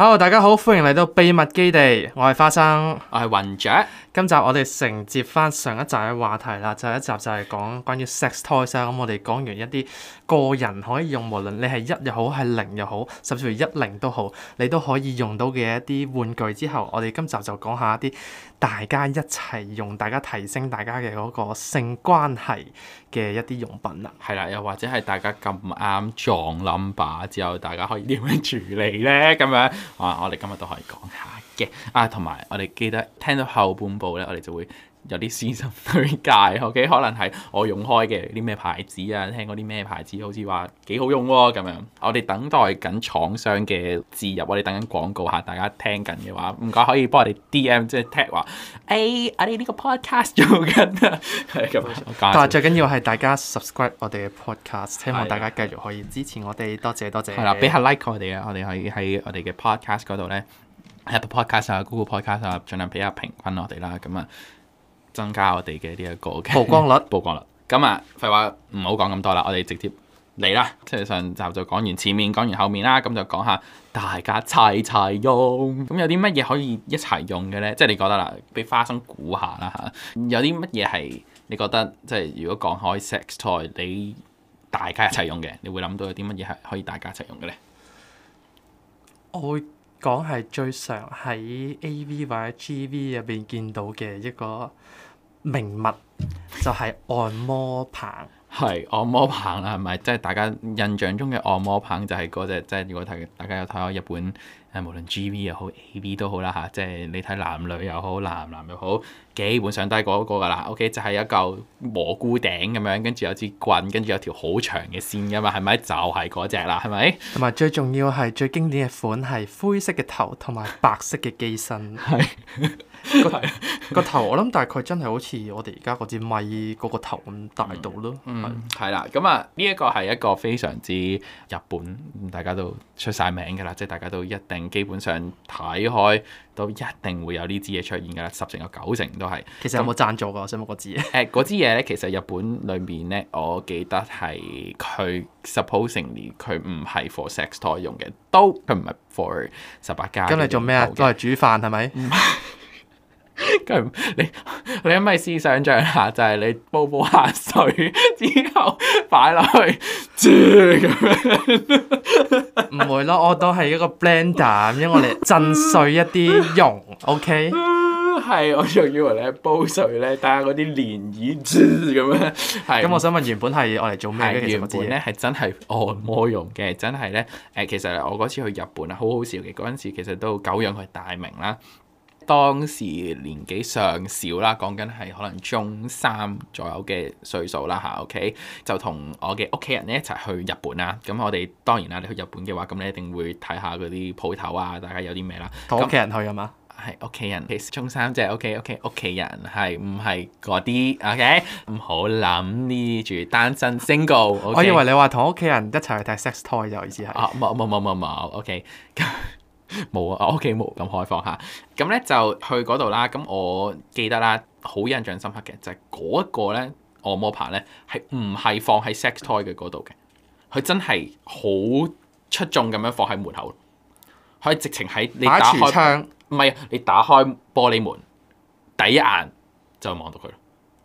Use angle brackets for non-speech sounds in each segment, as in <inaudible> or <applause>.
Hello 大家好，歡迎嚟到秘密 Gay 地，我係花生，我係雲雀。今集我哋承接翻上一集嘅話題啦，就一集就係講關於 sex toys 啦、啊。咁、嗯、我哋講完一啲個人可以用，無論你係一又好，係零又好，甚至乎一零都好，你都可以用到嘅一啲玩具之後，我哋今集就講下一啲。大家一齊用，大家提升大家嘅嗰個性關係嘅一啲用品啊，係啦，又或者係大家咁啱撞冧把之後，大家可以點樣處理咧？咁樣啊，我哋今日都可以講下嘅啊，同埋我哋記得聽到後半部咧，我哋就會，有啲私心推介，OK？可能係我用開嘅啲咩牌子啊，聽過啲咩牌子好似話幾好用喎咁樣。我哋等待緊廠商嘅置入，我哋等緊廣告吓大家聽緊嘅話，唔該可以幫我哋 D M 即係 tag 話哎我哋呢個 podcast 做緊，係咁。但係最緊要係大家 subscribe 我哋嘅 podcast，希望大家繼續可以支持我哋 Yeah.，多謝多謝。係啦，俾下 like 我哋啊，我哋可以喺我哋嘅 pod podcast 嗰度咧，Apple podcast 啊、Google podcasts，啊，儘量俾下平均我哋啦，咁啊。增加我哋嘅呢一個曝光率，曝光率。咁啊，廢話唔好講咁多啦，我哋直接嚟啦。即係上集就講完前面，講完後面啦，咁就講下大家齊齊用。咁有啲乜嘢可以一齊用嘅呢？即係你覺得啦，俾花生估下啦嚇。有啲乜嘢係你覺得即係如果講開 sex toy，你大家一齊用嘅，你會諗到有啲乜嘢係可以大家一齊用嘅呢？我會講係最常喺 AV 或者 GV 入邊見到嘅一個。名物就係、是、按摩棒，係 <noise> 按摩棒啊，係咪？即係大家印象中嘅按摩棒就係嗰隻，即係如果睇，大家有睇過日本，誒無論 G V 又好 A V 都好啦吓，即係你睇男女又好，男男又好。基本上都係嗰個㗎啦，OK？就係一嚿蘑菇頂咁樣，跟住有支棍，跟住有條好長嘅線㗎嘛，係咪？就係嗰隻啦，係咪？同埋最重要係最經典嘅款係灰色嘅頭同埋白色嘅機身。係個個頭，我諗大概真係好似我哋而家嗰支咪嗰個頭咁大到咯、mm。嗯，係啦，咁啊呢一個係一個非常之日本，大家都出晒名㗎啦，即、就、係、是、大家都一定基本上睇開，都一定會有呢支嘢出現㗎啦，十、mm. 成有九成多。係，其實有冇贊助㗎？我想問嗰支嘢、 <laughs> 啊？嗰支嘢咧，其實日本裏面咧，我記得係佢 supposedly 佢唔係 for sex toy 用嘅，都佢唔係 for 十八加。咁你做咩啊？攞嚟的煮飯係咪？唔係，佢 <laughs> 你你咪試想象下，就係、是、你煲煲下水之後擺落去咁樣，唔 <laughs> 會咯。我都係一個 blender，因為我哋震碎一啲蓉，OK。都係，我仲以為咧煲水咧帶下嗰啲蓮子咁樣。咁是我想問，原本係我嚟做咩嘅？原本咧係真係按摩用嘅，真係咧誒。其實我嗰次去日本啊，好好笑嘅。嗰陣時其實都久仰佢大名啦，當時年紀尚小啦，講緊係可能中三左右嘅歲數啦吓 OK，就同我嘅屋企人咧一齊去日本啦。咁我哋當然啦，你去日本嘅話，咁你一定會睇下嗰啲鋪頭啊，大家有啲咩啦？屋企人去啊嘛。那 <laughs> 係屋企人，其實中三啫。OK，OK，、OK, OK, 屋企人係唔係嗰啲 OK？唔好諗呢住單身 single、OK?。我以為你話同屋企人一齊去睇 sex toy 就意思係啊？冇冇冇冇冇 OK，冇 <laughs> 啊！我屋企冇咁開放嚇。咁咧就去嗰度啦。咁我記得啦，好印象深刻嘅就係嗰一個咧按摩 pad 咧係唔係放喺 sex toy 嘅嗰度嘅？佢真係好出眾咁樣放喺門口，佢直情喺你打開窗。唔係啊！你打開玻璃門，第一眼就望到佢啦。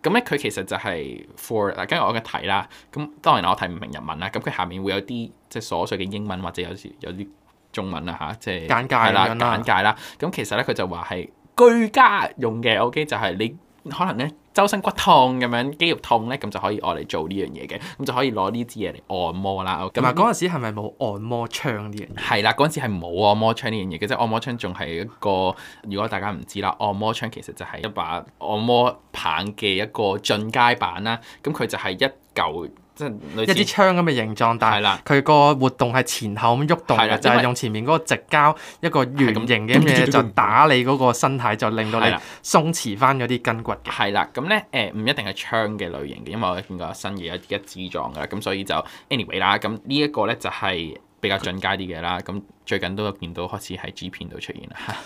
咁、嗯、咧，佢其實就係 for 嗱，跟住我嘅睇啦。咁當然我睇唔明日文啦。咁、嗯、佢下面會有啲即係瑣碎嘅英文或者有時有啲中文啦吓，即係簡介啦，簡介啦。咁、嗯、其實咧，佢就話係居家用嘅。OK，就係你可能咧。周身骨痛咁樣肌肉痛咧，咁就可以用嚟做呢樣嘢嘅，咁就可以攞呢支嘢嚟按摩啦。咁啊，嗰陣時係咪冇按摩槍呢樣嘢？係啦，嗰陣時係冇按摩槍呢樣嘢嘅，即係按摩槍仲係一個。如果大家唔知啦，按摩槍其實就係一把按摩棒嘅一個進階版啦。咁佢就係一嚿。即係一啲槍咁嘅形狀，但係佢個活動係前後咁喐動嘅。的就係用前面嗰個直膠一個圓形嘅嘢就打你嗰個身體，的就令到你，的你鬆弛翻嗰啲筋骨嘅。係啦，咁咧誒唔一定係槍嘅類型嘅，因為我見過新嘢有一支狀嘅，咁所以就 anyway 啦。咁呢一個咧就係比較進階啲嘅啦。咁最近都見到開始喺 G 片度出現啦。 <laughs>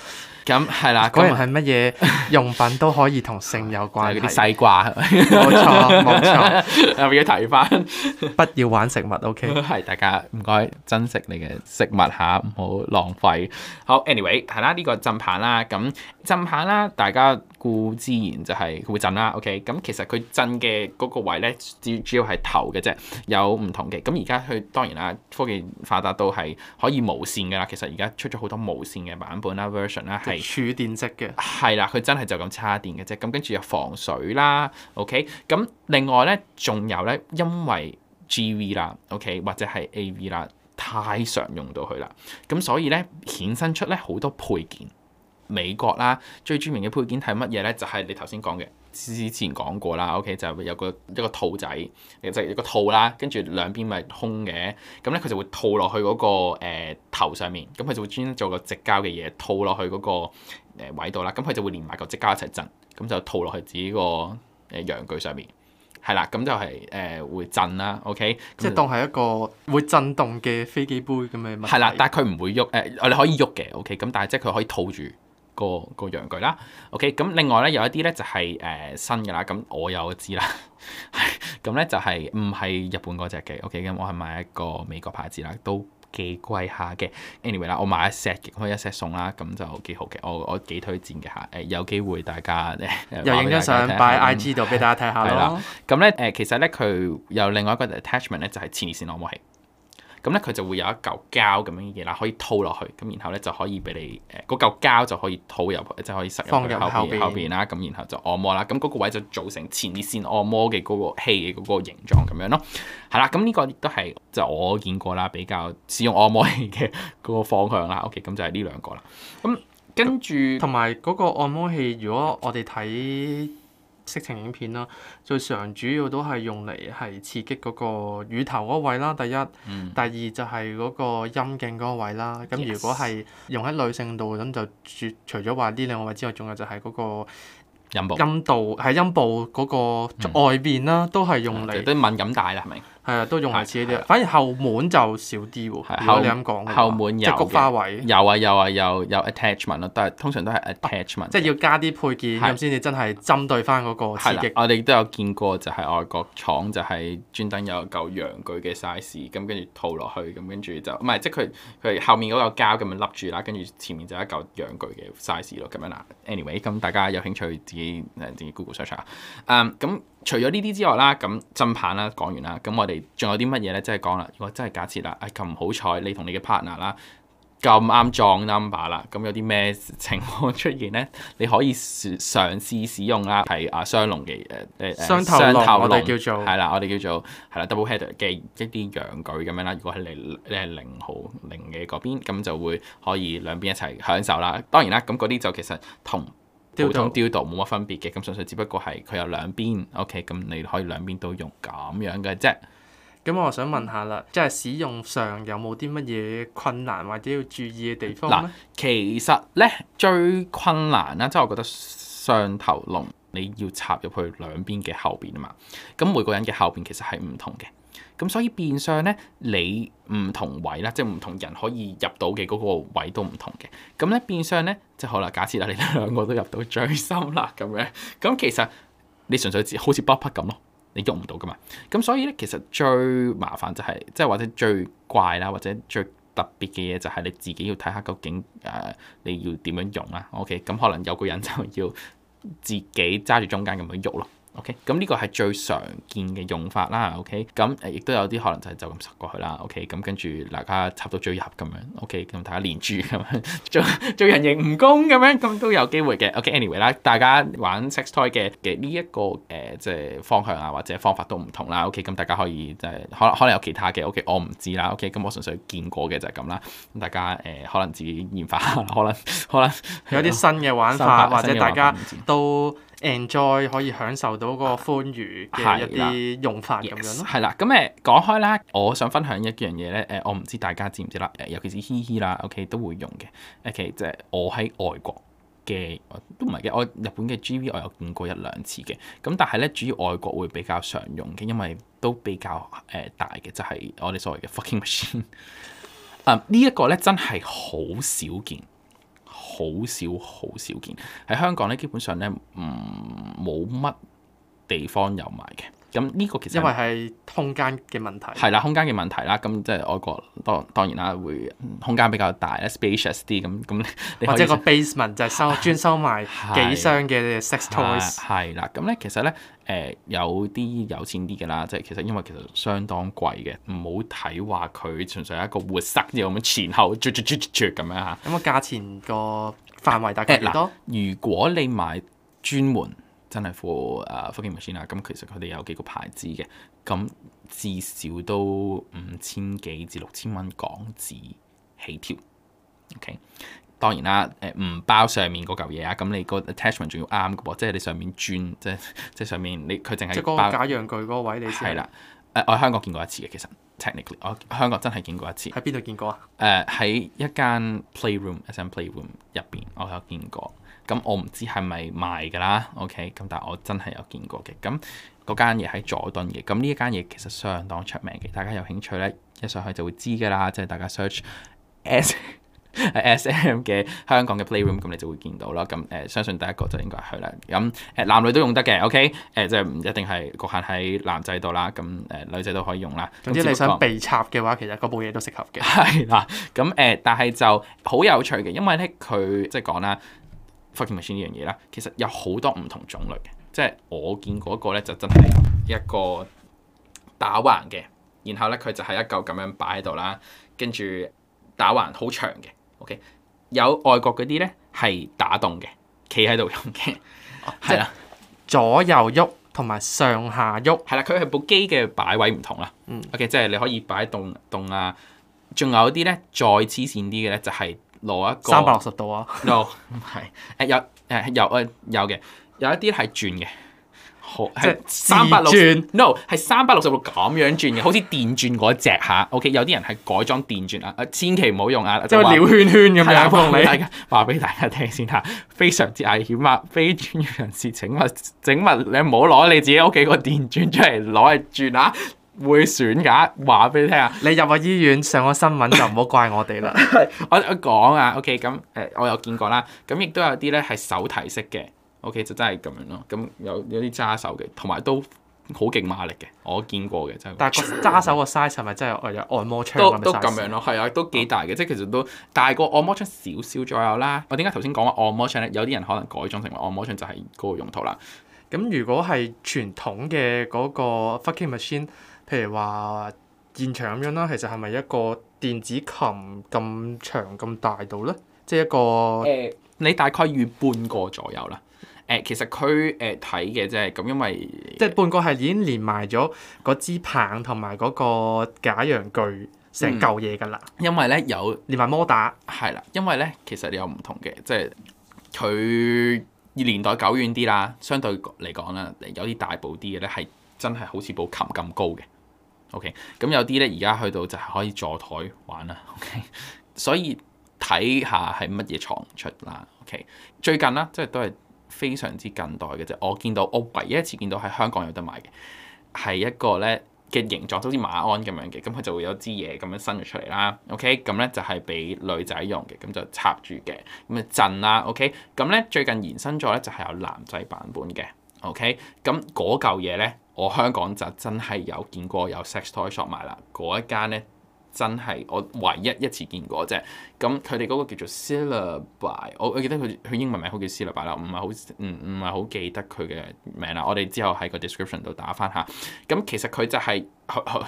咁係、嗯、啦，嗰樣係乜嘢用品都可以同性有關，啲西瓜係咪？冇錯冇錯，又要提返， <laughs> 不要玩食物 OK，係 <laughs> 大家唔該珍惜你嘅食物吓，唔好浪費。好 anyway，係、嗯這個、啦，呢、嗯、個震棒啦，咁震棒啦，大家固之然就係會震啦 OK、嗯。咁其實佢震嘅嗰個位咧，主要係頭嘅啫，有唔同嘅。咁而家佢當然啦，科技發達到係可以無線㗎啦，其實而家出咗好多無線嘅版本啦 version 啦係、嗯。儲電式嘅係啦，佢真係就咁插電嘅啫。咁跟住又防水啦，OK。咁另外咧，仲有咧，因為 GV 啦，OK，或者係 AV 啦，太常用到佢啦。咁所以咧，衍生出咧好多配件。美國啦，最著名嘅配件係乜嘢咧？就係、是、你頭先講嘅。之前講過啦，OK 就有個一個套仔，就係、是、一個套啦，跟住兩邊咪空嘅，咁咧佢就會套落去嗰、那個誒、呃、頭上面，咁佢就會專做個直膠嘅嘢套落去嗰、那個、呃、位度啦，咁佢就會連埋個直膠一齊震，咁就套落去自己、這個誒、呃、陽具上面，係啦，咁就係、是、誒、呃、會震啦，OK 即係當係一個會震動嘅飛機杯咁樣。係啦，但係佢唔會喐誒、呃，你可以喐嘅，OK 咁，但係即係佢可以套住。個個陽具啦，OK，咁另外咧有一啲咧就係、是、誒、呃、新嘅啦，咁我有一支啦，咁 <laughs> 咧、嗯、就係唔係日本嗰隻嘅，OK，咁、嗯、我係買一個美國牌子啦，都幾貴下嘅，anyway 啦，我買一 set 嘅，可以一 set 送啦，咁、嗯、就幾好嘅，我我幾推薦嘅嚇，誒、呃、有機會大家誒，又影咗相擺 IG 度俾大家睇下咯，咁咧誒其實咧佢、呃、有另外一個 attachment 咧就係前列腺按摩器。咁咧，佢就會有一嚿膠咁樣嘅嘢啦，可以套落去，咁然後咧就可以俾你誒嗰嚿膠就可以套入去，就可以塞入佢後面後面啦。咁然後就按摩啦，咁嗰個位就做成前列腺按摩嘅嗰個器嘅嗰個形狀咁樣咯。係啦，咁呢個亦都係，就我見過啦，比較使用按摩器嘅嗰個方向啦。OK，咁就係呢兩個啦。咁跟住同埋嗰個按摩器，如果我哋睇色情影片啦，最常主要都係用嚟係刺激嗰個乳頭嗰位啦。第一，嗯、第二就係嗰個陰莖嗰個位啦。咁、嗯、如果係用喺女性度，咁就除除咗話呢兩個位之外，仲有就係嗰個陰部、陰道喺陰部嗰個外邊啦，嗯、都係用嚟啲、嗯、敏感帶啦。係咪？係啊，都用下自己啲，的反而後門就少啲喎，的。後門有菊花位，有啊有啊有有 attachment 咯，但係通常都係 attachment，啊、的即係要加啲配件咁先至真係針對翻嗰個刺激。我哋都有見過，就係外國廠就係專登有嚿陽具嘅 size，咁跟住套落去，咁跟住就唔係即係佢佢後面嗰嚿膠咁樣笠住啦，跟住前面就一嚿陽具嘅 size 咯，咁樣啦。anyway，咁大家有興趣自己誒自己，己 Google search 啊，咁、嗯。嗯嗯嗯。除咗呢啲之外啦，咁震棒啦講完啦，咁我哋仲有啲乜嘢咧？即係講啦。如果真係假設、啊、你你 ner, 號號啦，唉咁唔好彩，你同你嘅 partner 啦咁啱撞 number 啦，咁有啲咩情況出現咧？你可以嘗試使用啦，係啊雙龍嘅誒誒雙頭龍,龍，我哋叫做係啦，我哋叫做係啦 double header 嘅一啲陽具咁樣啦。如果係你你係零號零嘅嗰邊，咁就會可以兩邊一齊享受啦。當然啦，咁嗰啲就其實同吊道吊道冇乜分別嘅，咁純粹只不過係佢有兩邊，OK，咁你可以兩邊都用咁樣嘅啫。咁我想問下啦，即係使用上有冇啲乜嘢困難或者要注意嘅地方？嗱，其實咧最困難啦，即係我覺得雙頭龍你要插入去兩邊嘅後邊啊嘛，咁每個人嘅後邊其實係唔同嘅。咁所以變相咧，你唔同位啦，即係唔同人可以入到嘅嗰個位都唔同嘅。咁咧變相咧，即係好啦，假設啦，你哋兩個都入到最深啦咁樣，咁其實你純粹好似 bubble 咁咯，你郁唔到噶嘛。咁所以咧，其實最麻煩就係、是，即係或者最怪啦，或者最特別嘅嘢就係你自己要睇下究竟誒、呃、你要點樣用啦、啊。OK，咁可能有個人就要自己揸住中間咁樣郁咯。OK，咁呢個係最常見嘅用法啦。OK，咁誒亦都有啲可能就係就咁塞過去啦。OK，咁跟住大家插到最合咁樣。OK，咁大家連住，咁樣做做人形蜈蚣咁樣，咁都有機會嘅。OK，anyway 啦，大家玩 sex toy 嘅嘅呢一個誒即係方向啊，或者方法都唔同啦。OK，咁大家可以即係可能可能有其他嘅。OK，我唔知啦。OK，咁我純粹見過嘅就係咁啦。咁大家誒可能自己研發下，可能可能 <laughs> 有啲新嘅玩法，或者大家都，enjoy 可以享受到個歡愉嘅一啲用法咁樣咯，係啦。咁誒講開啦，我想分享一樣嘢咧，誒、呃、我唔知大家知唔知啦，誒、呃、尤其是嘻嘻啦，OK 都會用嘅，OK 即係我喺外國嘅都唔係嘅，我,我日本嘅 GV 我有見過一兩次嘅，咁但係咧主要外國會比較常用嘅，因為都比較誒、呃、大嘅，就係、是、我哋所謂嘅 fucking machine、 <laughs> 嗯。啊、這個，呢一個咧真係好少見。好少好少見喺香港咧，基本上咧，唔冇乜地方有賣嘅。咁呢個其實因為係空間嘅問題，係啦，空間嘅問題啦。咁即係外國當當然啦，會空間比較大，spacious 啲。咁咁，或者個 basement 就係收 <laughs> 專收埋幾箱嘅 sex toys。係啦， <laughs> 咁咧、嗯、其實咧誒、呃、有啲有錢啲嘅啦，即、就、係、是、其實因為其實相當貴嘅，唔好睇話佢純粹係一個活塞咁樣前後啜啜啜啜啜咁樣嚇。咁個價錢個範圍大概幾多？ <laughs> 如果你買專門。真係 fuck machine 啊！咁、 <noise> 嗯、其實佢哋有幾個牌子嘅，咁至少都五千幾至六千蚊港紙起跳。O.K. 當然啦，誒、呃、唔包上面嗰嚿嘢啊！咁、嗯、你個 attachment 仲要啱嘅噃，即、就、係、是、你上面轉，即係即係上面你佢淨係個假陽具嗰位你，你係、嗯、啦。誒，我喺香港見過一次嘅，其實 technically 我香港真係見過一次。喺邊度見過啊？誒， <noise> 喺一間 playroom，SM a playroom 入邊，我有見過。Uh, <noise> 咁我唔知係咪賣㗎啦，OK？咁但係我真係有見過嘅。咁嗰間嘢喺佐敦嘅，咁、嗯、呢一間嘢其實相當出名嘅。大家有興趣咧，一上去就會知㗎啦，即係大家 search S、啊、M 嘅香港嘅 playroom，咁、嗯嗯、你就會見到啦。咁、嗯、誒，相信第一個就應該係啦。咁、嗯、誒，男女都用得嘅，OK？誒、嗯，即係唔一定係局限喺男仔度啦。咁、嗯、誒，女仔都可以用啦。總之你想被插嘅話，其實嗰部嘢都適合嘅。係啦、嗯，咁、嗯、誒、嗯，但係就好有趣嘅，因為咧佢即係講啦。Fucking Machine 呢樣嘢啦，其實有好多唔同種類嘅，即係我見嗰個咧就真係一個打橫嘅，然後咧佢就係一嚿咁樣擺喺度啦，跟住打橫好長嘅，OK，有外國嗰啲咧係打戙嘅，企喺度用嘅，係啦、哦，的左右喐同埋上下喐，係啦，佢係部機嘅擺位唔同啦、嗯、OK，即係你可以擺動動啊，仲有啲咧再黐線啲嘅咧就係、是。攞一個三百六十度啊！no，唔係， <laughs> 誒有誒有誒有嘅，有一啲係轉嘅，好即係三百六轉 360，no，係三百六十度咁樣轉嘅，好似電轉嗰隻嚇。OK，有啲人係改裝電轉啊，千祈唔好用啊，即係說繞圈圈咁樣。係啊吧，我同你話俾大家聽先嚇，非常之危險啊！非專業人士請勿整勿，請你唔好攞你自己屋企個電轉出嚟攞嚟轉啊。會選㗎，話俾你聽啊！你入個醫院上個新聞就唔好怪我哋啦。 <laughs> 我我講啊，OK，咁誒、哎，我有見過啦。咁亦都有啲咧係手提式嘅，OK，就真係咁樣咯。咁有有啲揸手嘅，同埋都好勁馬力嘅，我見過嘅真係。但係、個揸手個 size 係咪真係按摩槍都都咁樣咯？係啊，都幾大嘅，即係其實都大過按摩槍少少左右啦。我點解頭先講話按摩槍？有啲人可能改裝成為按摩槍就係嗰個用途啦。咁如果係傳統嘅嗰個 fucking machine。譬如話現場咁樣啦，其實係咪一個電子琴咁長咁大度咧？即係一個誒，你大概預半個左右啦。誒，其實佢誒睇嘅即係咁，因為即係半個係已經連埋咗嗰支棒同埋嗰個假陽具成嚿嘢㗎啦。因為咧有連埋摩打係啦，因為咧其實你有唔同嘅，即係佢年代久遠啲啦，相對嚟講啦，有啲大部啲嘅咧係真係好似部琴咁高嘅。OK，咁有啲咧，而家去到就係可以坐台玩啦。OK， <laughs> 所以睇下係乜嘢廠出啦。OK，最近啦，即係都係非常之近代嘅啫。我見到我唯一一次見到喺香港有得買嘅，係一個咧嘅形狀，好似馬鞍咁樣嘅，咁佢就會有支嘢咁樣伸咗出嚟啦。OK，咁咧就係俾女仔用嘅，咁就插住嘅，咁啊震啦。OK，咁咧最近延伸咗咧就係有男仔版本嘅。OK，咁嗰嚿嘢咧，我香港就真係有見過有 sex toy shop 賣啦。嗰一間咧，真係我唯一一次見過啫。咁佢哋嗰個叫做 celebrate，我我記得佢佢英文名好叫 celebrate 啦，唔係好唔唔係好記得佢嘅名啦。我哋之後喺個 description 度打返下。咁其實佢就係、是、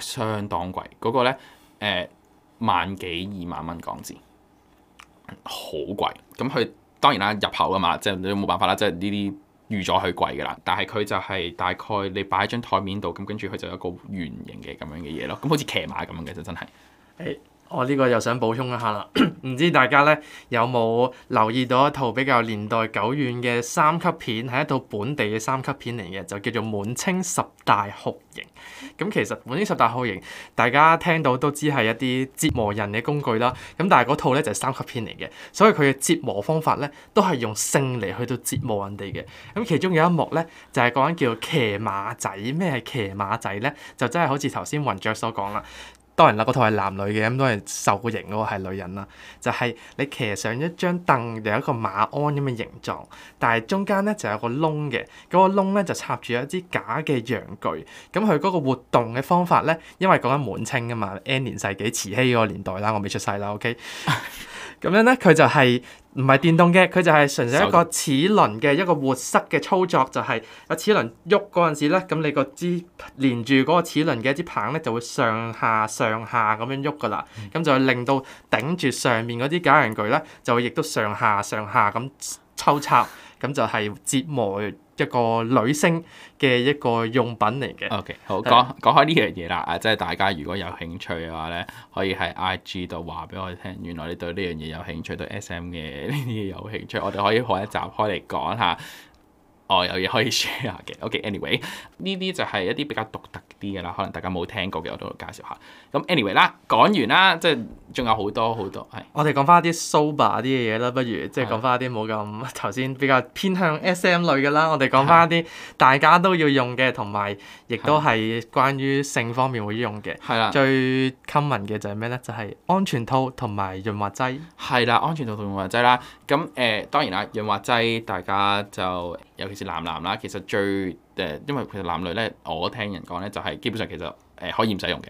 相相當貴，嗰、那個咧誒、欸、萬幾二萬蚊港紙，好貴。咁佢當然啦，入口啊嘛，即係你都冇辦法啦，即係呢啲。預咗佢貴㗎啦，但係佢就係大概你擺喺張台面度，咁跟住佢就有一個圓形嘅咁樣嘅嘢咯，咁好似騎馬咁樣嘅就真係。Hey. 我呢個又想補充一下啦，唔 <coughs> 知大家咧有冇留意到一套比較年代久遠嘅三級片，係一套本地嘅三級片嚟嘅，就叫做《滿清十大酷刑》。咁其實《滿清十大酷刑》，大家聽到都知係一啲折磨人嘅工具啦。咁但係嗰套咧就係、是、三級片嚟嘅，所以佢嘅折磨方法咧都係用性嚟去到折磨人哋嘅。咁其中有一幕咧就係講緊叫騎馬仔，咩係騎馬仔咧？就真係好似頭先雲雀所講啦。當然啦，嗰套係男女嘅，咁當然受過刑嗰個係女人啦。就係你騎上一張凳，有一個馬鞍咁嘅形狀，但係中間咧就有個窿嘅，嗰個窿咧就插住一支假嘅陽具。咁佢嗰個活動嘅方法咧，因為講緊滿清㗎嘛，N 年世紀慈禧嗰個年代啦，我未出世啦，OK。 <laughs> 咁樣咧，佢就係唔係電動嘅，佢就係純粹一個齒輪嘅一個活塞嘅操作，就係、是、有齒輪喐嗰陣時咧，咁你個支連住嗰個齒輪嘅一支棒咧，就會上下上下咁樣喐噶啦，咁、嗯、就會令到頂住上面嗰啲假人具咧，就會亦都上下上下咁抽插。咁就係折磨一個女性嘅一個用品嚟嘅。OK，好，講講開呢樣嘢啦，啊，即係大家如果有興趣嘅話咧，可以喺 IG 度話俾我哋聽。原來你對呢樣嘢有興趣，對 SM 嘅呢啲有興趣，我哋可以下一集開嚟講下。哦，oh，有嘢可以 share 嘅。OK，anyway，okay，呢啲就係一啲比較獨特啲嘅啦，可能大家冇聽過嘅，我都介紹下。咁 anyway 啦，講完啦，即係仲有好多好多係。我哋講翻一啲 sober 啲嘅嘢啦，不如的即係講翻一啲冇咁頭先比較偏向 SM 類嘅啦。我哋講翻一啲大家都要用嘅，同埋亦都係關於性方面會用嘅。係啦的。最 common 嘅就係咩咧？就係、是、安全套同埋潤滑劑。係啦，安全套同潤滑劑啦。咁誒、呃，當然啦，潤滑劑大家就。尤其是男男啦，其實最誒、呃，因為其實男女咧，我聽人講咧，就係、是、基本上其實誒、呃、可以唔使用嘅，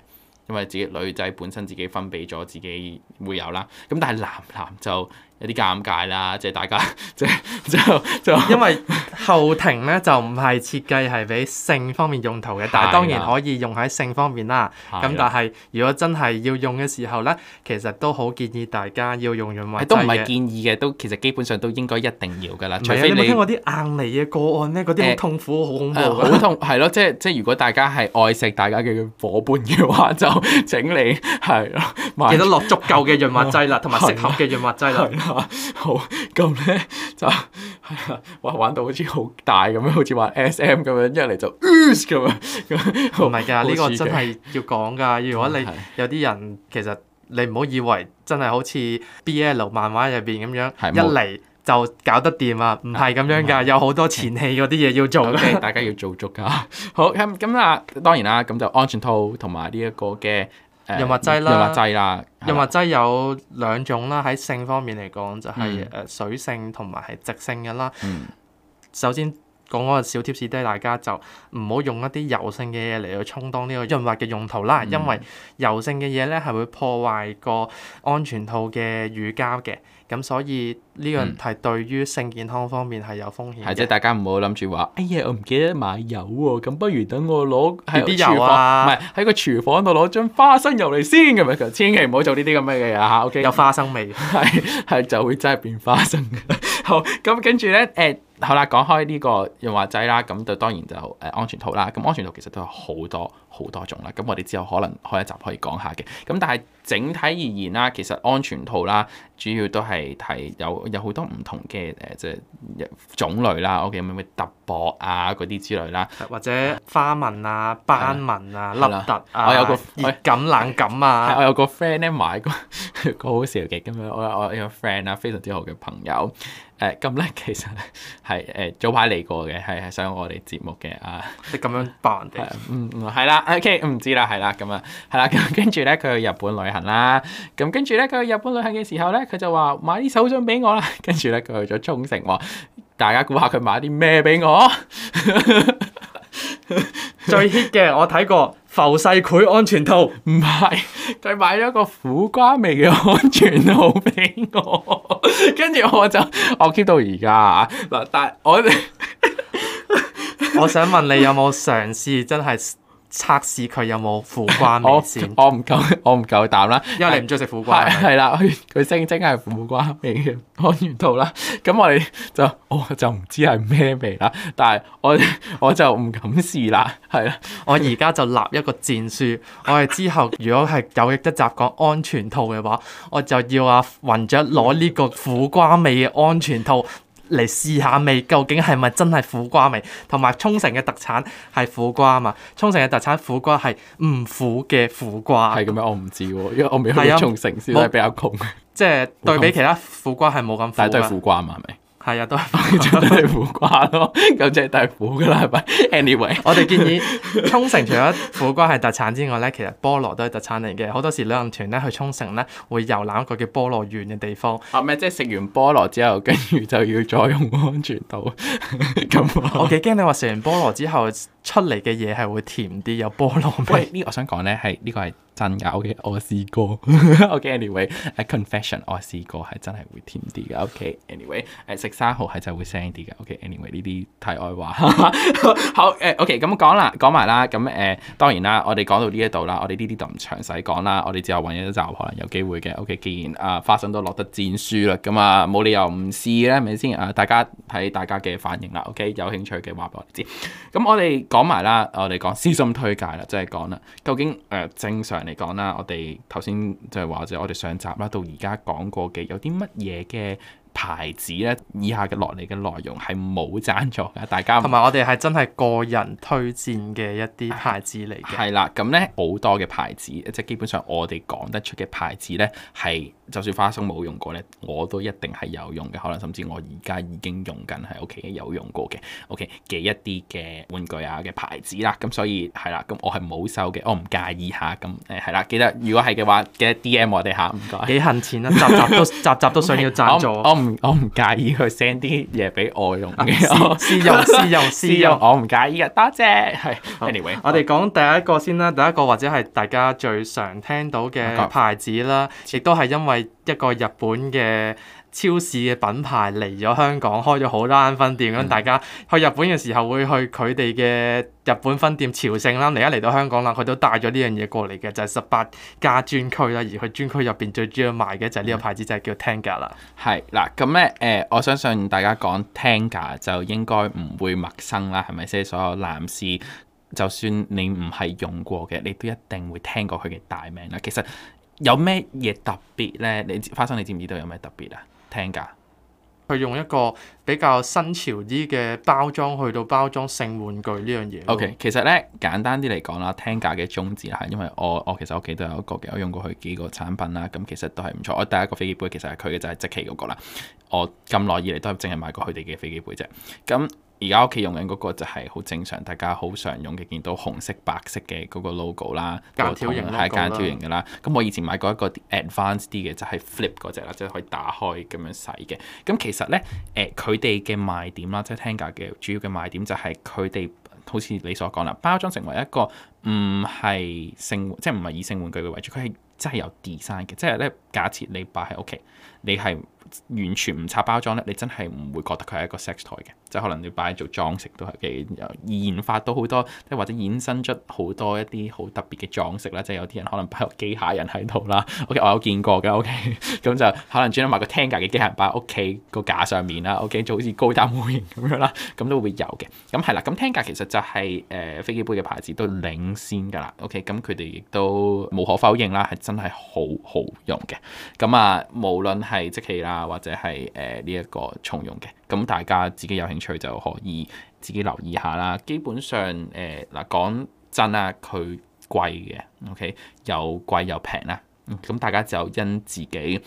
因為自己女仔本身自己分泌咗自己會有啦，咁但係男男就。有啲尷尬啦，即係大家即係就就因為後庭咧 <laughs> 就唔係設計係俾性方面用途嘅， <laughs> 但係當然可以用喺性方面啦。咁但係如果真係要用嘅時候咧，其實都好建議大家要用潤滑劑。都唔係建議嘅，都其實基本上都應該一定要㗎啦。除非有冇聽過啲硬嚟嘅個案咧，嗰啲好痛苦，好恐怖。好痛係咯，即係即係如果大家係愛食大家嘅伙伴嘅話，就請你係記得落足夠嘅潤滑劑啦，同埋適合嘅潤滑劑啦。好咁咧就係啊，話 <laughs> 玩到好似好大咁樣，呃、樣，好似話 SM 咁樣，一嚟就 u s 咁樣，唔係噶，呢個真係要講噶。如果你、啊、有啲人其實你唔好以為真係好似 BL 漫畫入邊咁樣，的一嚟就搞得掂啊，唔係咁樣噶，有好多前戲嗰啲嘢要做嘅 <laughs> 大家要做足噶。好咁咁啊，當然啦，咁就安全套同埋呢一個嘅。潤滑劑啦，潤滑劑啦，潤滑劑啦、啊、潤滑劑有兩種啦。喺性方面嚟講，就係誒水性同埋係直性嘅啦。嗯、首先講嗰個小貼士俾大家，就唔好用一啲油性嘅嘢嚟去充當呢個潤滑嘅用途啦，嗯、因為油性嘅嘢咧係會破壞個安全套嘅乳膠嘅。咁所以呢個係對於性健康方面係有風險。係即、嗯、大家唔好諗住話，哎呀，我唔記得買油喎，咁不如等我攞喺廚房，唔係喺個廚房度攞樽花生油嚟先，咁樣就千祈唔好做呢啲咁嘅嘢嚇。 <laughs> o okay ? K，有花生味，係係， <laughs> 就會真係變花生。 <laughs> 好，咁跟住咧，誒、欸。好啦，講開呢個潤滑劑啦，咁就當然就誒、呃、安全套啦。咁、嗯、安全套其實都有好多好多種啦。咁、嗯、我哋之後可能開一集可以講下嘅。咁、嗯、但係整體而言啦，其實安全套啦，主要都係睇有有好多唔同嘅誒，即、呃、係、呃、種類啦。我嘅咩咩特薄啊嗰啲之類啦，或者花紋啊、斑紋啊、凹凸啦啊，我有個我熱感冷感啊。我有個 friend 咧買個， <laughs> 個好笑嘅，咁樣我我有 friend 啦，非常之好嘅朋友。誒咁咧，其實～ <laughs> 係誒早排嚟過嘅，係係上我哋節目嘅啊！即咁樣扮嘅，嗯嗯係啦，OK 唔知啦，係啦咁啊，係啦咁跟住咧佢去日本旅行啦，咁跟住咧佢去日本旅行嘅時候咧，佢就話買啲手信俾我啦，跟住咧佢去咗沖繩喎，大家估下佢買啲咩俾我？ <laughs> <laughs> 最 hit 嘅我睇過。 <laughs> 浮世繪安全套？唔係，佢買咗個苦瓜味嘅安全套俾我，跟 <laughs> 住我就 <laughs> 我 keep 到而家。嗱 <laughs> 但我，但係我我想問你有冇嘗試真係。測試佢有冇苦瓜味先 <laughs> 我，我唔夠，我唔夠膽啦，因為你唔中意食苦瓜。係啦是，佢聲稱係苦瓜味嘅安全套啦。咁我哋就我就唔知係咩味啦，但係我我就唔敢試啦。係啦， <laughs> 我而家就立一個戰書，我哋之後如果係有嘢得集講安全套嘅話，我就要阿、啊、雲雀攞呢個苦瓜味嘅安全套。嚟試下味，究竟係咪真係苦瓜味？同埋沖繩嘅特產係苦瓜嘛？沖繩嘅特產苦瓜係唔苦嘅苦瓜。係咁樣，我唔知喎、啊，因為我未去過沖繩，先我係比較窮嘅。 <laughs> 即係對比其他苦瓜係冇咁苦。但係都係苦瓜嘛係咪？係啊，都係放咗啲苦瓜咯，咁即係苦噶啦，係咪？Anyway，我哋建議沖繩除咗苦瓜係特產之外咧，其實菠蘿都係特產嚟嘅。好多時旅行團咧去沖繩咧，會遊覽一個叫菠蘿園嘅地方。啊咩？即係食完菠蘿之後，跟住就要再用安全套咁。我幾驚你話食完菠蘿之後。出嚟嘅嘢係會甜啲，有菠蘿味。呢，這個、我想講咧係呢個係真㗎，OK，我試過。OK，anyway， <laughs> 誒，confession，我試過係真係會甜啲㗎。OK，anyway，、okay, 誒，食生蠔係就會腥啲㗎。OK，anyway，、okay, 呢啲題外話。 <laughs> 好，誒、呃、，OK，咁講啦，講埋啦。咁誒、呃，當然啦，我哋講到呢一度啦，我哋呢啲就唔詳細講啦。我哋之後揾一集可能有機會嘅。OK，既然啊、呃，發生都落得，得戰書啦，咁啊，冇、呃、理由唔試啦。係咪先？啊，大家睇大家嘅反應啦。OK，有興趣嘅話，俾我哋知。咁我哋。講埋啦，我哋講私心推介啦，即係講啦，究竟誒、呃、正常嚟講啦，我哋頭先就係話咗，我哋上集啦到而家講過嘅有啲乜嘢嘅牌子咧，以下嘅落嚟嘅內容係冇贊助嘅，大家同埋我哋係真係個人推薦嘅一啲牌子嚟嘅。係、啊、啦，咁咧好多嘅牌子，即係基本上我哋講得出嘅牌子咧係。就算花生冇用過咧，我都一定係有用嘅，可能甚至我而家已經用緊，係屋企有用過嘅 OK 嘅一啲嘅玩具啊嘅牌子、啊、啦，咁所以係啦，咁我係冇收嘅，我唔介意嚇、啊，咁誒係啦，記得如果係嘅話記得 DM 我哋嚇，唔該幾恨錢啊，集集都集集都想要贊助， <laughs> <laughs> 我唔我唔介意佢 send 啲嘢俾我用嘅，試、啊、 <laughs> 用試用試用， <laughs> 用，我唔介意嘅、啊，多謝係好，anyway 我哋講第一個先啦，第一個或者係大家最常聽到嘅牌子啦，亦都係因為。一個日本嘅超市嘅品牌嚟咗香港，開咗好多間分店。咁、嗯、大家去日本嘅時候會去佢哋嘅日本分店朝聖啦。而家嚟到香港啦，佢都帶咗呢樣嘢過嚟嘅，就係十八禁專區啦。而佢專區入邊最主要賣嘅就係呢個、嗯、個牌子，就係、是、叫 TENGA 啦。係啦，咁咧誒，我相信大家講 TENGA 就應該唔會陌生啦，係咪先？所有男士就算你唔係用過嘅，你都一定會聽過佢嘅大名啦。其實。有咩嘢特別呢？你花生，你知唔知道有咩特別啊？TENGA，佢用一個比較新潮啲嘅包裝去到包裝性玩具呢樣嘢。OK，其實呢，簡單啲嚟講啦，TENGA 嘅宗旨係，因為我我其實屋企都有一個嘅，我用過佢幾個產品啦，咁其實都係唔錯。我第一個飛機杯其實係佢嘅，就係、是、即棄嗰個啦。我咁耐以嚟都係淨係買過佢哋嘅飛機杯啫。咁而家屋企用緊嗰個就係好正常，大家好常用嘅，見到紅色白色嘅嗰個 logo 啦，間條型 logo 係間條型嘅啦。咁我以前買過一個 advanced 啲嘅，就係 flip 嗰隻啦，即係可以打開咁樣洗嘅。咁其實咧，誒佢哋嘅賣點啦，即係聽價嘅主要嘅賣點就係佢哋好似你所講啦，包裝成為一個唔係性即係唔係以性玩具嘅為主，佢係真係有 design 嘅，即係咧假設你擺喺屋企，你係完全唔拆包裝咧，你真係唔會覺得佢係一個 sex toy 嘅。即係可能你擺做裝飾都係幾，有，研發到好多，即或者衍生出好多一啲好特別嘅裝飾啦。即係有啲人可能擺個機械人喺度啦。O.K. 我有見過嘅。O.K. 咁 <laughs> 就可能專登買個 Tenga 嘅機械人喺屋企個架上面啦。O.K. 就好似高達模型咁樣啦，咁都會有嘅。咁係啦，咁 Tenga 其實就係、是、誒、呃、飛機杯嘅牌子都領先㗎啦。O.K. 咁佢哋亦都無可否認啦，係真係好好用嘅。咁啊，無論係即棄啦，或者係誒呢一個重用嘅，咁大家自己有興趣。就可以自己留意下啦。基本上誒嗱講真啊，佢貴嘅，OK，又貴又平啦。咁、嗯嗯、大家就因自己。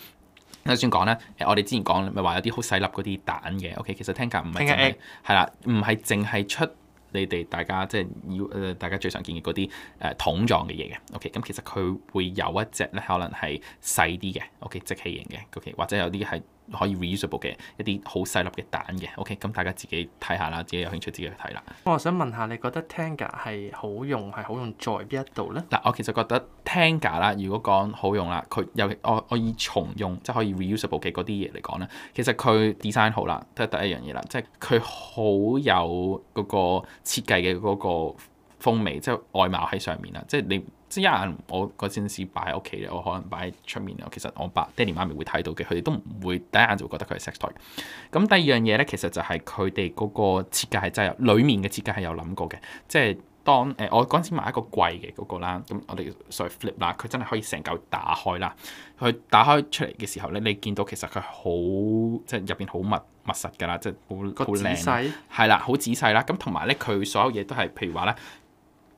頭先講啦、呃，我哋之前講咪話有啲好細粒嗰啲蛋嘅，OK，其實、er、是是聽價唔係淨係係啦，唔係淨係出你哋大家即係要誒，大家最常見嘅嗰啲誒桶狀嘅嘢嘅，OK，咁、嗯、其實佢會有一隻咧，可能係細啲嘅，OK，即棄型嘅，OK，或者有啲係。可以 reusable 嘅一啲好細粒嘅蛋嘅，OK，咁大家自己睇下啦，自己有興趣自己去睇啦。我想問下，你覺得 Tenga 係好用，係好用在邊一度呢？嗱，我其實覺得 Tenga 啦，如果講好用啦，佢尤其我我以重用即係、就是、可以 reusable 嘅嗰啲嘢嚟講咧，其實佢 design 好啦，都係第一樣嘢啦，即係佢好有嗰個設計嘅嗰個風味，即係外貌喺上面啦，即係你。即啲人我嗰陣時擺喺屋企，我可能擺喺出面啊。其實我爸、爹哋、媽咪會睇到嘅，佢哋都唔會第一眼就會覺得佢係 sex toy。咁第二樣嘢咧，其實就係佢哋嗰個設計係真係，裏面嘅設計係有諗過嘅。即係當誒、欸、我嗰陣時買一個貴嘅嗰個啦，咁我哋所謂 flip 啦，佢真係可以成嚿打開啦。佢打開出嚟嘅時候咧，你見到其實佢好即係入邊好密密實㗎啦，即係好好靚，係啦，好仔細啦。咁同埋咧，佢所有嘢都係譬如話咧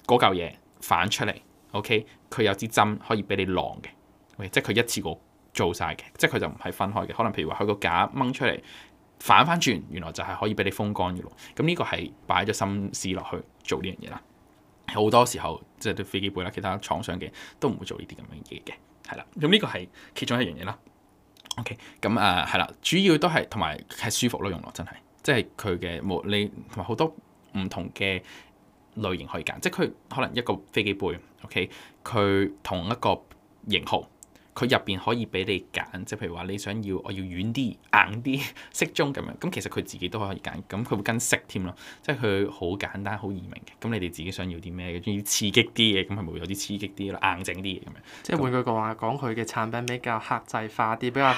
嗰嚿嘢反出嚟。OK，佢有支針可以俾你晾嘅，喂、okay?，即係佢一次過做晒嘅，即係佢就唔係分開嘅。可能譬如話佢個架掹出嚟，反翻轉，原來就係可以俾你風乾嘅咯。咁、嗯、呢、這個係擺咗心思落去做呢樣嘢啦。好多時候即係對飛機背啦，其他廠商嘅都唔會做呢啲咁樣嘢嘅，係啦。咁、嗯、呢、這個係其中一樣嘢啦。OK，咁啊係啦，主要都係同埋係舒服咯，用落真係，即係佢嘅冇你同埋好多唔同嘅。類型可以揀，即係佢可能一個飛機杯，OK，佢同一個型號，佢入邊可以俾你揀，即係譬如話你想要我要軟啲、硬啲、適中咁樣，咁其實佢自己都可以揀，咁佢會跟色添咯，即係佢好簡單、好易明嘅。咁你哋自己想要啲咩嘅，中意刺激啲嘢，咁係咪會啲刺激啲咯，硬整啲嘢咁樣。即係換句話講，佢嘅那產品比較客製化啲，比較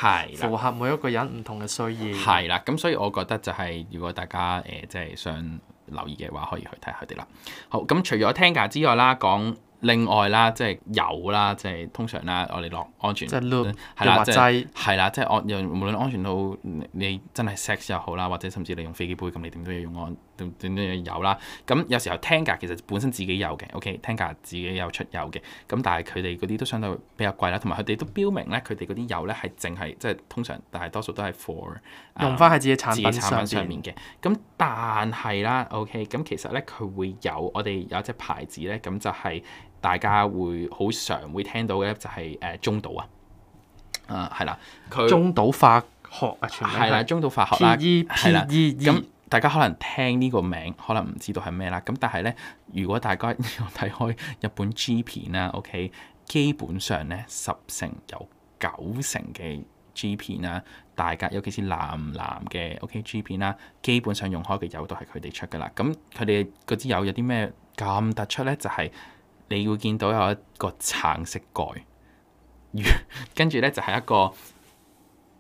符合每一個人唔同嘅需要。係啦，咁、嗯、所以我覺得就係、是、如果大家誒即係想。留意嘅話，可以去睇下佢哋啦。好，咁，除咗聽價之外啦，講另外啦，即係有啦，即係通常啦，我哋落安全係啦，即係潤滑劑啦，即係我無論安全套，你真係 sex 又好啦，或者甚至你用飛機杯咁，你點都要用安。點點有啦？咁有時候聽架，其實本身自己有嘅，OK，聽架自己有出有嘅。咁但係佢哋嗰啲都相對比較貴啦，同埋佢哋都標明咧，佢哋嗰啲油咧係淨係即係通常，大多數都係 for、uh, 用翻喺自己產品產品上面嘅。咁但係啦，OK，咁其實咧佢會有我哋有一隻牌子咧，咁就係大家會好常會聽到嘅、就係，就係誒中島啊，誒、uh, 係啦，佢中島化學啊，係啦，啦，中島化學啦 PEPE 咁。P e e 啦大家可能聽呢個名，可能唔知道係咩啦。咁但係呢，如果大家睇開日本 G 片啦，OK，基本上呢，十成有九成嘅 G 片啦，大家，尤其是男男嘅 OK G 片啦，基本上用開嘅油都係佢哋出噶啦。咁佢哋嗰支油有啲咩咁突出呢？就係、是、你會見到有一個橙色蓋， <laughs> 跟住呢就係、是、一個。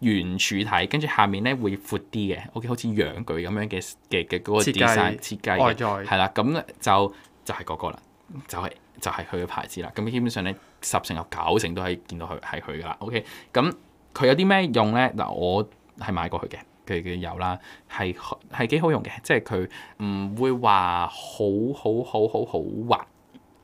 圓柱體，跟住下面咧會闊啲嘅，OK，好似陽具咁樣嘅嘅嘅嗰個設計設計，係啦計，咁在就就係嗰個啦，就係、係、就係佢嘅牌子啦。咁基本上咧，十成有九成都可以見到佢係佢噶啦，OK。咁佢有啲咩用咧？嗱，我係買過佢嘅，佢佢有啦，係係幾好用嘅，即係佢唔會話好好好好好滑。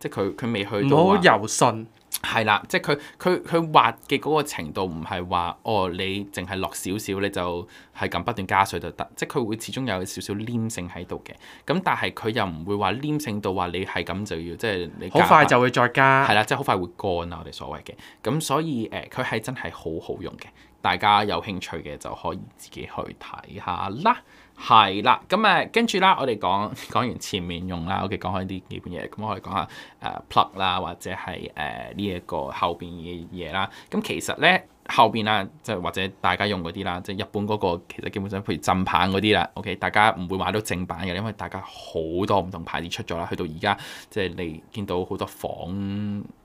即係佢佢未去到，好柔順。係啦，即係佢佢佢滑嘅嗰個程度唔係話哦，你淨係落少少你就係咁不斷加水就得。即係佢會始終會有少少黏性喺度嘅。咁但係佢又唔會話黏性到話你係咁就要即係你。好快就會再加。係啦，即係好快會乾啊，我哋所謂嘅。咁所以誒，佢係真係好好用嘅。大家有興趣嘅就可以自己去睇下啦。係啦，咁誒跟住啦，我哋講講完前面用啦，OK，講開啲基本嘢，咁我哋以講下誒、啊、Plug 啦，或者係誒呢一個後邊嘅嘢啦。咁其實呢，後邊啊，即係或者大家用嗰啲啦，即係日本嗰、嗰個其實基本上譬如震棒嗰啲啦，OK，大家唔會買到正版嘅，因為大家好多唔同牌子出咗啦，去到而家即係你見到好多仿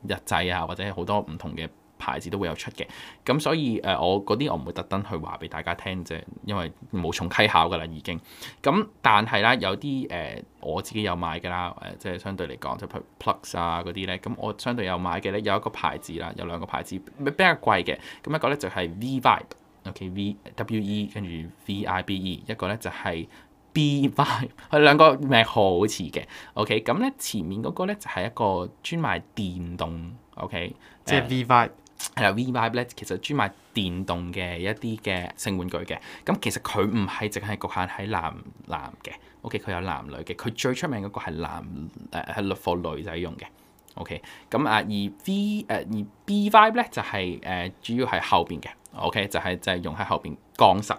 日製啊，或者好多唔同嘅牌子都會有出嘅，咁所以誒、呃，我嗰啲我唔會特登去話俾大家聽啫，因為冇重稽考㗎喇已經。咁但係咧，有啲誒、呃、我自己有買㗎喇，誒、呃、即係相對嚟講，就 Plugs 啊嗰啲咧。咁我相對有買嘅咧，有一個牌子啦，有兩個牌子比較貴嘅。咁一個咧就係、是、VVibe，OK，VWE v, Vi be,、okay? v w e, 跟住 VIBE，一個咧就係、是、BVibe，v 佢兩個名好似嘅。OK，咁咧前面嗰個咧就係、是、一個專賣電動，OK，即係 VVibe。Vi 係啦，V-Vibe 咧，其實專賣電動嘅一啲嘅性玩具嘅，咁其實佢唔係淨係局限喺男男嘅，OK，佢有男女嘅，佢最出名嗰個係男誒係掠貨女仔用嘅，OK，咁啊而 V 誒、呃、而 V-Vibe 咧就係、是、誒、呃、主要係後邊嘅，OK，就係、是、就係、是、用喺後邊光室，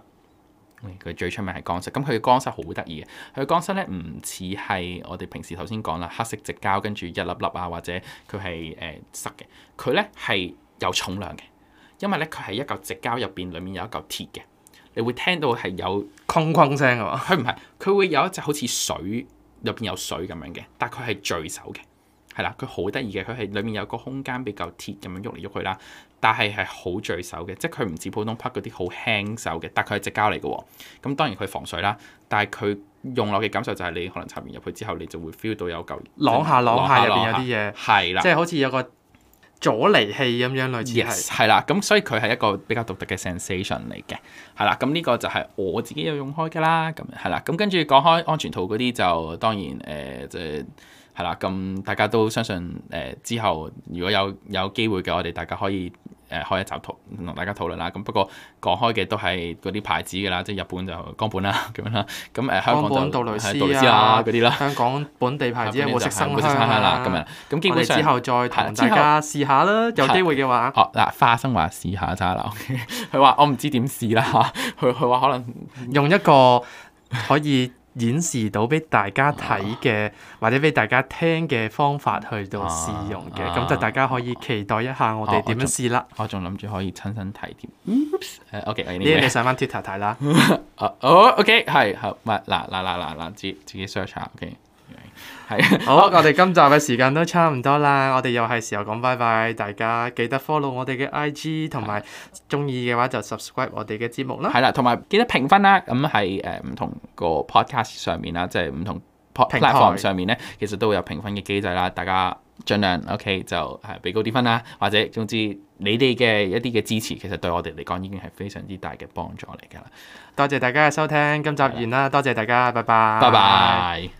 佢、okay? 最出名係光室。咁佢嘅光室好得意嘅，佢嘅光室咧唔似係我哋平時頭先講啦，黑色直膠跟住一粒粒啊或者佢係誒塞嘅，佢咧係。有重量嘅，因為咧佢係一嚿直膠入邊，裡面有一嚿鐵嘅，你會聽到係有哐哐聲嘅。佢唔係，佢會有一隻好似水入邊有水咁樣嘅，但佢係聚手嘅，係啦，佢好得意嘅，佢係裡面有，有，裡面有個空間俾嚿鐵咁樣喐嚟喐去啦，但係係好聚手嘅，即係佢唔似普通拍嗰啲好輕手嘅，但佢係直膠嚟嘅喎。咁、嗯、當然佢防水啦，但係佢用落嘅感受就係你可能插完入去之後，你就會 feel 到有嚿朗，下朗，朗下朗下，朗下入邊有啲嘢，係啦的，即係好似有個。的的阻離器咁樣，類似係係啦，咁、yes, 所以佢係一個比較獨特嘅 sensation 嚟嘅，係啦，咁呢個就係我自己有用開嘅啦，咁係啦，咁跟住講開安全套嗰啲就當然誒，即係啦，咁大家都相信誒、呃，之後如果有有機會嘅，我哋大家可以。誒開一集同同大家討論啦，咁不過講開嘅都係嗰啲牌子嘅啦，即係日本就江本啦，咁樣啦，咁誒香港就本杜蕾斯啊啲啦，些香港本地牌子嘅無色生香啦、啊、咁、啊、樣，咁基本上之後再同大家、啊、試下啦，有機會嘅話，哦嗱花生話試一下咋啦，佢、okay, 話我唔知點試啦，佢佢話可能用一個可以 <laughs> 演示到俾大家睇嘅，啊、或者俾大家聽嘅方法去到試用嘅，咁、啊、就大家可以期待一下我哋、點、啊、樣試啦、啊。我仲諗住可以親身體驗。OK 呢啲你上翻 Twitter 睇啦。哦、 <laughs> uh,，OK，係，好，唔係嗱嗱嗱嗱，自己自己 search 下嘅。Okay. 係 <laughs> 好， <laughs> 我哋今集嘅時間都差唔多啦，我哋又係時候講拜拜。大家記得 follow 我哋嘅 IG 同埋中意嘅話就 subscribe 我哋嘅節目啦，係啦，同埋記得評分啦，咁喺、誒唔同個 podcast 上面啦，即係唔同 platform 上面咧，台其實都會有評分嘅機制啦，大家盡量 OK 就誒俾高啲分啦，或者總之你哋嘅一啲嘅支持，其實對我哋嚟講已經係非常之大嘅幫助嚟噶啦，多謝大家嘅收聽，今集完啦，的多謝大家，拜拜，拜拜。